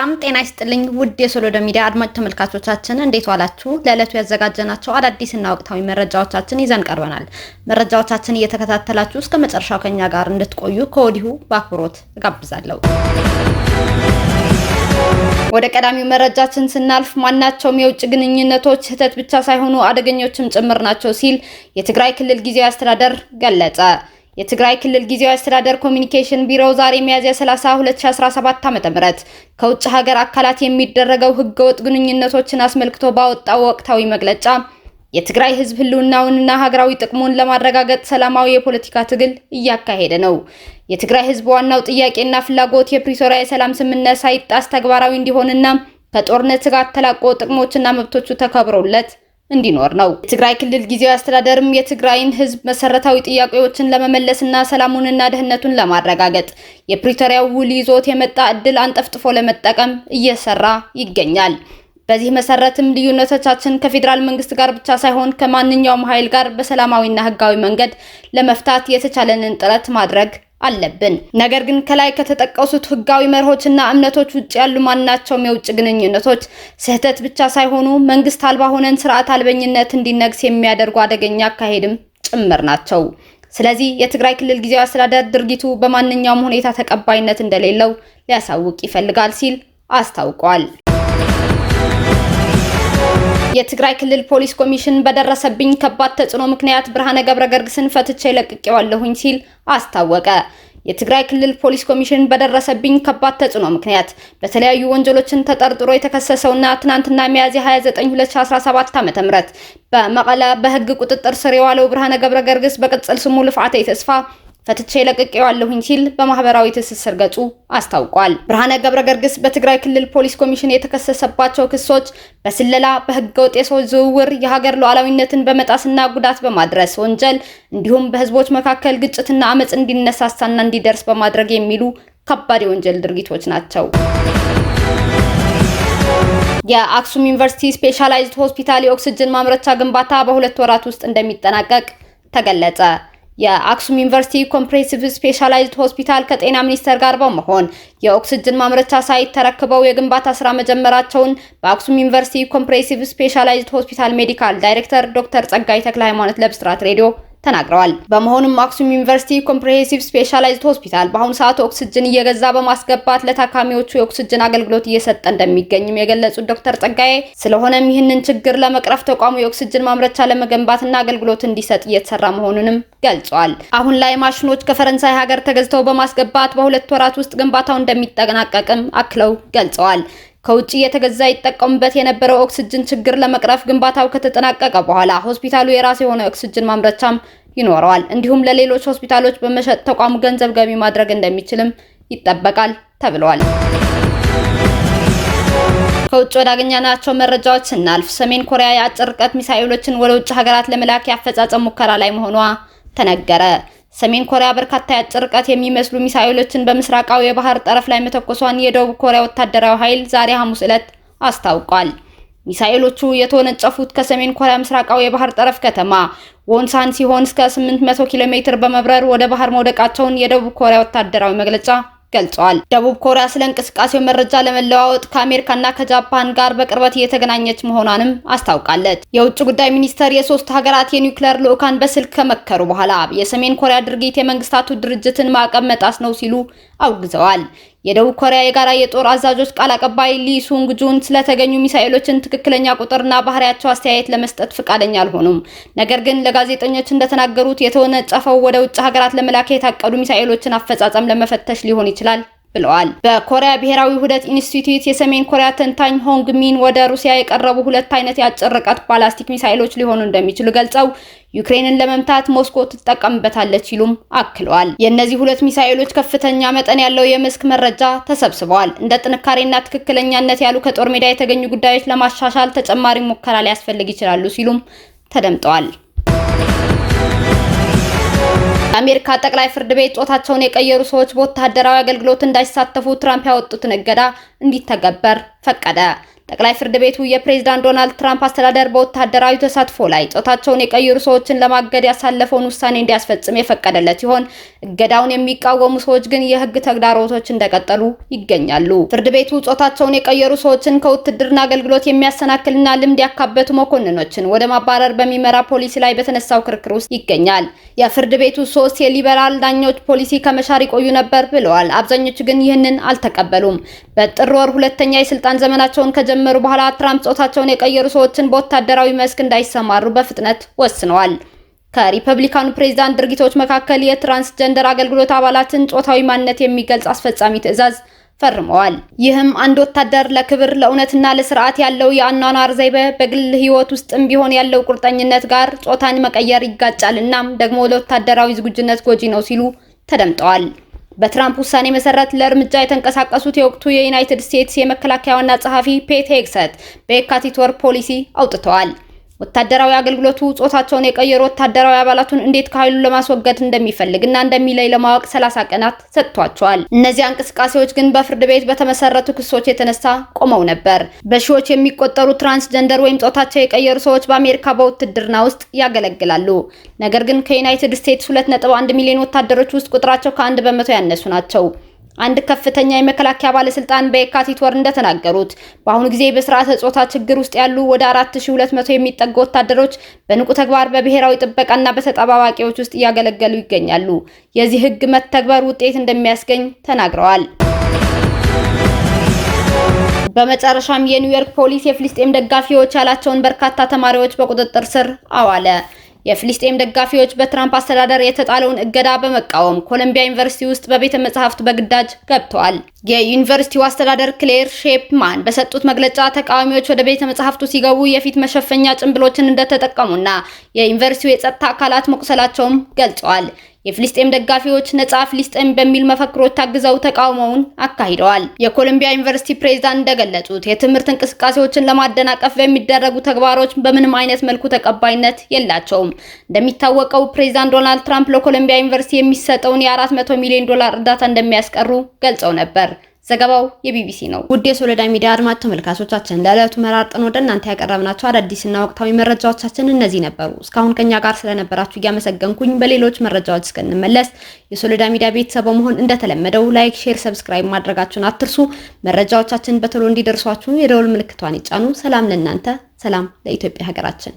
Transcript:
ሰላም ጤና ይስጥልኝ ውድ የሶሎዶ ሚዲያ አድማጭ ተመልካቾቻችን እንዴት ዋላችሁ? ለዕለቱ ያዘጋጀናቸው አዳዲስና ወቅታዊ መረጃዎቻችን ይዘን ቀርበናል። መረጃዎቻችን እየተከታተላችሁ እስከ መጨረሻው ከኛ ጋር እንድትቆዩ ከወዲሁ በአክብሮት እጋብዛለሁ። ወደ ቀዳሚው መረጃችን ስናልፍ ማናቸውም የውጭ ግንኙነቶች ስህተት ብቻ ሳይሆኑ አደገኞችም ጭምር ናቸው ሲል የትግራይ ክልል ጊዜያዊ አስተዳደር ገለጸ። የትግራይ ክልል ጊዜያዊ አስተዳደር ኮሚኒኬሽን ቢሮ ዛሬ ሚያዝያ 30 2017 ዓ.ም ከውጭ ሀገር አካላት የሚደረገው ህገወጥ ግንኙነቶችን አስመልክቶ ባወጣው ወቅታዊ መግለጫ የትግራይ ህዝብ ህልውናውንና ሀገራዊ ጥቅሙን ለማረጋገጥ ሰላማዊ የፖለቲካ ትግል እያካሄደ ነው። የትግራይ ህዝብ ዋናው ጥያቄና ፍላጎት የፕሪቶሪያ የሰላም ስምምነት ሳይጣስ ተግባራዊ እንዲሆንና ከጦርነት ስጋት ተላቆ ጥቅሞችና መብቶቹ ተከብሮለት። እንዲኖር ነው። የትግራይ ክልል ጊዜያዊ አስተዳደርም የትግራይን ህዝብ መሰረታዊ ጥያቄዎችን ለመመለስና ሰላሙንና ደህንነቱን ለማረጋገጥ የፕሪቶሪያው ውል ይዞት የመጣ እድል አንጠፍጥፎ ለመጠቀም እየሰራ ይገኛል። በዚህ መሰረትም ልዩነቶቻችን ከፌዴራል መንግስት ጋር ብቻ ሳይሆን ከማንኛውም ኃይል ጋር በሰላማዊና ህጋዊ መንገድ ለመፍታት የተቻለንን ጥረት ማድረግ አለብን። ነገር ግን ከላይ ከተጠቀሱት ህጋዊ መርሆችና እምነቶች ውጭ ያሉ ማናቸውም የውጭ ግንኙነቶች ስህተት ብቻ ሳይሆኑ መንግስት አልባ ሆነን ስርዓት አልበኝነት እንዲነግስ የሚያደርጉ አደገኛ አካሄድም ጭምር ናቸው። ስለዚህ የትግራይ ክልል ጊዜያዊ አስተዳደር ድርጊቱ በማንኛውም ሁኔታ ተቀባይነት እንደሌለው ሊያሳውቅ ይፈልጋል ሲል አስታውቋል። የትግራይ ክልል ፖሊስ ኮሚሽን በደረሰብኝ ከባድ ተጽዕኖ ምክንያት ብርሃነ ገርግስን ፈትቼ ለቅቄዋለሁኝ ሲል አስታወቀ። የትግራይ ክልል ፖሊስ ኮሚሽን በደረሰብኝ ከባድ ተጽዕኖ ምክንያት በተለያዩ ወንጀሎችን ተጠርጥሮ የተከሰሰውና ትናንትና ሚያዝያ 29 2017 ዓ.ም በመቀለ በህግ ቁጥጥር ስር የዋለው ብርሃነ ገርግስ በቅጽል ስሙ ልፍዓተ ተስፋ ፈትቼ ለቅቄዋለሁኝ ሲል በማህበራዊ ትስስር ገጹ አስታውቋል። ብርሃነ ገርግስ በትግራይ ክልል ፖሊስ ኮሚሽን የተከሰሰባቸው ክሶች በስለላ፣ በህገወጥ የሰዎች ዝውውር፣ የሀገር ሉዓላዊነትን በመጣስና ጉዳት በማድረስ ወንጀል እንዲሁም በህዝቦች መካከል ግጭትና አመፅ እንዲነሳሳና እንዲደርስ በማድረግ የሚሉ ከባድ የወንጀል ድርጊቶች ናቸው። የአክሱም ዩኒቨርሲቲ ስፔሻላይዝድ ሆስፒታል የኦክስጅን ማምረቻ ግንባታ በሁለት ወራት ውስጥ እንደሚጠናቀቅ ተገለጸ። የአክሱም ዩኒቨርሲቲ ኮምፕሬሲቭ ስፔሻላይዝድ ሆስፒታል ከጤና ሚኒስቴር ጋር በመሆን የኦክስጅን ማምረቻ ሳይት ተረክበው የግንባታ ስራ መጀመራቸውን በአክሱም ዩኒቨርሲቲ ኮምፕሬሲቭ ስፔሻላይዝድ ሆስፒታል ሜዲካል ዳይሬክተር ዶክተር ጸጋይ ተክለ ሃይማኖት ለብስራት ሬዲዮ ተናግረዋል። በመሆኑም አክሱም ዩኒቨርሲቲ ኮምፕሬሄንሲቭ ስፔሻላይዝድ ሆስፒታል በአሁኑ ሰዓት ኦክስጅን እየገዛ በማስገባት ለታካሚዎቹ የኦክስጅን አገልግሎት እየሰጠ እንደሚገኝም የገለጹት ዶክተር ጸጋዬ ስለሆነም ይህንን ችግር ለመቅረፍ ተቋሙ የኦክስጅን ማምረቻ ለመገንባትና አገልግሎት እንዲሰጥ እየተሰራ መሆኑንም ገልጿል። አሁን ላይ ማሽኖች ከፈረንሳይ ሀገር ተገዝተው በማስገባት በሁለት ወራት ውስጥ ግንባታው እንደሚጠናቀቅም አክለው ገልጸዋል። ከውጭ እየተገዛ ይጠቀሙበት የነበረው ኦክስጅን ችግር ለመቅረፍ ግንባታው ከተጠናቀቀ በኋላ ሆስፒታሉ የራሱ የሆነ ኦክስጅን ማምረቻም ይኖረዋል። እንዲሁም ለሌሎች ሆስፒታሎች በመሸጥ ተቋሙ ገንዘብ ገቢ ማድረግ እንደሚችልም ይጠበቃል ተብሏል። ከውጭ ወዳገኘናቸው መረጃዎች ስናልፍ ሰሜን ኮሪያ የአጭር ርቀት ሚሳኤሎችን ወደ ውጭ ሀገራት ለመላክ የአፈጻጸም ሙከራ ላይ መሆኗ ተነገረ። ሰሜን ኮሪያ በርካታ የአጭር ርቀት የሚመስሉ ሚሳኤሎችን በምስራቃዊ የባህር ጠረፍ ላይ መተኮሷን የደቡብ ኮሪያ ወታደራዊ ኃይል ዛሬ ሐሙስ ዕለት አስታውቋል። ሚሳኤሎቹ የተወነጨፉት ከሰሜን ኮሪያ ምስራቃዊ የባህር ጠረፍ ከተማ ወንሳን ሲሆን እስከ 800 ኪሎ ሜትር በመብረር ወደ ባህር መውደቃቸውን የደቡብ ኮሪያ ወታደራዊ መግለጫ ገልጿል። ደቡብ ኮሪያ ስለ እንቅስቃሴው መረጃ ለመለዋወጥ ከአሜሪካና ከጃፓን ጋር በቅርበት እየተገናኘች መሆኗንም አስታውቃለች። የውጭ ጉዳይ ሚኒስቴር የሶስት ሀገራት የኒውክሌር ልዑካን በስልክ ከመከሩ በኋላ የሰሜን ኮሪያ ድርጊት የመንግስታቱ ድርጅትን ማዕቀብ መጣስ ነው ሲሉ አውግዘዋል። የደቡብ ኮሪያ የጋራ የጦር አዛዦች ቃል አቀባይ ሊ ሱንግ ጁን ስለተገኙ ሚሳኤሎችን ትክክለኛ ቁጥርና ባህሪያቸው አስተያየት ለመስጠት ፈቃደኛ አልሆኑም። ነገር ግን ለጋዜጠኞች እንደተናገሩት የተወነጨፈው ወደ ውጭ ሀገራት ለመላክ የታቀዱ ሚሳኤሎችን አፈጻጸም ለመፈተሽ ሊሆን ይችላል ብለዋል። በኮሪያ ብሔራዊ ውህደት ኢንስቲትዩት የሰሜን ኮሪያ ተንታኝ ሆንግ ሚን ወደ ሩሲያ የቀረቡ ሁለት አይነት የአጭር ርቀት ባላስቲክ ሚሳኤሎች ሊሆኑ እንደሚችሉ ገልጸው ዩክሬንን ለመምታት ሞስኮ ትጠቀምበታለች ሲሉም አክለዋል። የእነዚህ ሁለት ሚሳኤሎች ከፍተኛ መጠን ያለው የመስክ መረጃ ተሰብስበዋል። እንደ ጥንካሬና ትክክለኛነት ያሉ ከጦር ሜዳ የተገኙ ጉዳዮች ለማሻሻል ተጨማሪ ሙከራ ሊያስፈልግ ይችላሉ ሲሉም ተደምጠዋል። የአሜሪካ ጠቅላይ ፍርድ ቤት ጾታቸውን የቀየሩ ሰዎች በወታደራዊ አገልግሎት እንዳይሳተፉ ትራምፕ ያወጡትን እገዳ እንዲተገበር ፈቀደ። ጠቅላይ ፍርድ ቤቱ የፕሬዝዳንት ዶናልድ ትራምፕ አስተዳደር በወታደራዊ ተሳትፎ ላይ ጾታቸውን የቀየሩ ሰዎችን ለማገድ ያሳለፈውን ውሳኔ እንዲያስፈጽም የፈቀደለት ሲሆን እገዳውን የሚቃወሙ ሰዎች ግን የሕግ ተግዳሮቶች እንደቀጠሉ ይገኛሉ። ፍርድ ቤቱ ጾታቸውን የቀየሩ ሰዎችን ከውትድርና አገልግሎት የሚያሰናክልና ልምድ ያካበቱ መኮንኖችን ወደ ማባረር በሚመራ ፖሊሲ ላይ በተነሳው ክርክር ውስጥ ይገኛል። የፍርድ ቤቱ ሶስት የሊበራል ዳኞች ፖሊሲ ከመሻር ይቆዩ ነበር ብለዋል። አብዛኞቹ ግን ይህንን አልተቀበሉም። በጥር ጥር ወር ሁለተኛ የስልጣን ዘመናቸውን ከጀመሩ በኋላ ትራምፕ ጾታቸውን የቀየሩ ሰዎችን በወታደራዊ መስክ እንዳይሰማሩ በፍጥነት ወስነዋል። ከሪፐብሊካኑ ፕሬዝዳንት ድርጊቶች መካከል የትራንስጀንደር አገልግሎት አባላትን ጾታዊ ማንነት የሚገልጽ አስፈጻሚ ትዕዛዝ ፈርመዋል። ይህም አንድ ወታደር ለክብር ለእውነትና ለስርዓት ያለው የአኗኗር ዘይቤ በግል ሕይወት ውስጥም ቢሆን ያለው ቁርጠኝነት ጋር ጾታን መቀየር ይጋጫል፣ እናም ደግሞ ለወታደራዊ ዝግጁነት ጎጂ ነው ሲሉ ተደምጠዋል። በትራምፕ ውሳኔ መሰረት ለእርምጃ የተንቀሳቀሱት የወቅቱ የዩናይትድ ስቴትስ የመከላከያ ዋና ጸሐፊ ፔት ሄግሰት በየካቲት ወር ፖሊሲ አውጥተዋል። ወታደራዊ አገልግሎቱ ጾታቸውን የቀየሩ ወታደራዊ አባላቱን እንዴት ከኃይሉ ለማስወገድ እንደሚፈልግ እና እንደሚለይ ለማወቅ ሰላሳ ቀናት ሰጥቷቸዋል። እነዚያ እንቅስቃሴዎች ግን በፍርድ ቤት በተመሰረቱ ክሶች የተነሳ ቆመው ነበር። በሺዎች የሚቆጠሩ ትራንስጀንደር ወይም ጾታቸው የቀየሩ ሰዎች በአሜሪካ በውትድርና ውስጥ ያገለግላሉ። ነገር ግን ከዩናይትድ ስቴትስ 2.1 ሚሊዮን ወታደሮች ውስጥ ቁጥራቸው ከአንድ በመቶ ያነሱ ናቸው። አንድ ከፍተኛ የመከላከያ ባለስልጣን በየካቲት ወር እንደተናገሩት በአሁኑ ጊዜ በስርዓተ ጾታ ችግር ውስጥ ያሉ ወደ 4200 የሚጠጉ ወታደሮች በንቁ ተግባር በብሔራዊ ጥበቃና በተጠባባቂዎች ውስጥ እያገለገሉ ይገኛሉ። የዚህ ህግ መተግበር ውጤት እንደሚያስገኝ ተናግረዋል። በመጨረሻም የኒውዮርክ ፖሊስ የፍልስጤም ደጋፊዎች ያላቸውን በርካታ ተማሪዎች በቁጥጥር ስር አዋለ። የፍልስጤም ደጋፊዎች በትራምፕ አስተዳደር የተጣለውን እገዳ በመቃወም ኮሎምቢያ ዩኒቨርሲቲ ውስጥ በቤተ መጻሕፍት በግዳጅ ገብተዋል። የዩኒቨርሲቲው አስተዳደር ክሌር ሼፕማን በሰጡት መግለጫ ተቃዋሚዎች ወደ ቤተ መጻሕፍቱ ሲገቡ የፊት መሸፈኛ ጭንብሎችን እንደተጠቀሙና የዩኒቨርሲቲው የጸጥታ አካላት መቁሰላቸውም ገልጸዋል። የፍልስጤም ደጋፊዎች ነጻ ፍልስጤም በሚል መፈክሮች ታግዘው ተቃውሞውን አካሂደዋል። የኮሎምቢያ ዩኒቨርሲቲ ፕሬዝዳንት እንደገለጹት የትምህርት እንቅስቃሴዎችን ለማደናቀፍ በሚደረጉ ተግባሮች በምንም አይነት መልኩ ተቀባይነት የላቸውም። እንደሚታወቀው ፕሬዝዳንት ዶናልድ ትራምፕ ለኮሎምቢያ ዩኒቨርሲቲ የሚሰጠውን የ400 ሚሊዮን ዶላር እርዳታ እንደሚያስቀሩ ገልጸው ነበር። ዘገባው የቢቢሲ ነው። ውድ የሶለዳ ሚዲያ አድማጭ ተመልካቾቻችን ለዕለቱ መራርጠን ወደ እናንተ ያቀረብናቸው አዳዲስና ወቅታዊ መረጃዎቻችን እነዚህ ነበሩ። እስካሁን ከኛ ጋር ስለነበራችሁ እያመሰገንኩኝ በሌሎች መረጃዎች እስክንመለስ የሶለዳ ሚዲያ ቤተሰብ በመሆን እንደተለመደው ላይክ፣ ሼር፣ ሰብስክራይብ ማድረጋችሁን አትርሱ። መረጃዎቻችን በቶሎ እንዲደርሷችሁ የደውል ምልክቷን ይጫኑ። ሰላም ለእናንተ፣ ሰላም ለኢትዮጵያ ሀገራችን።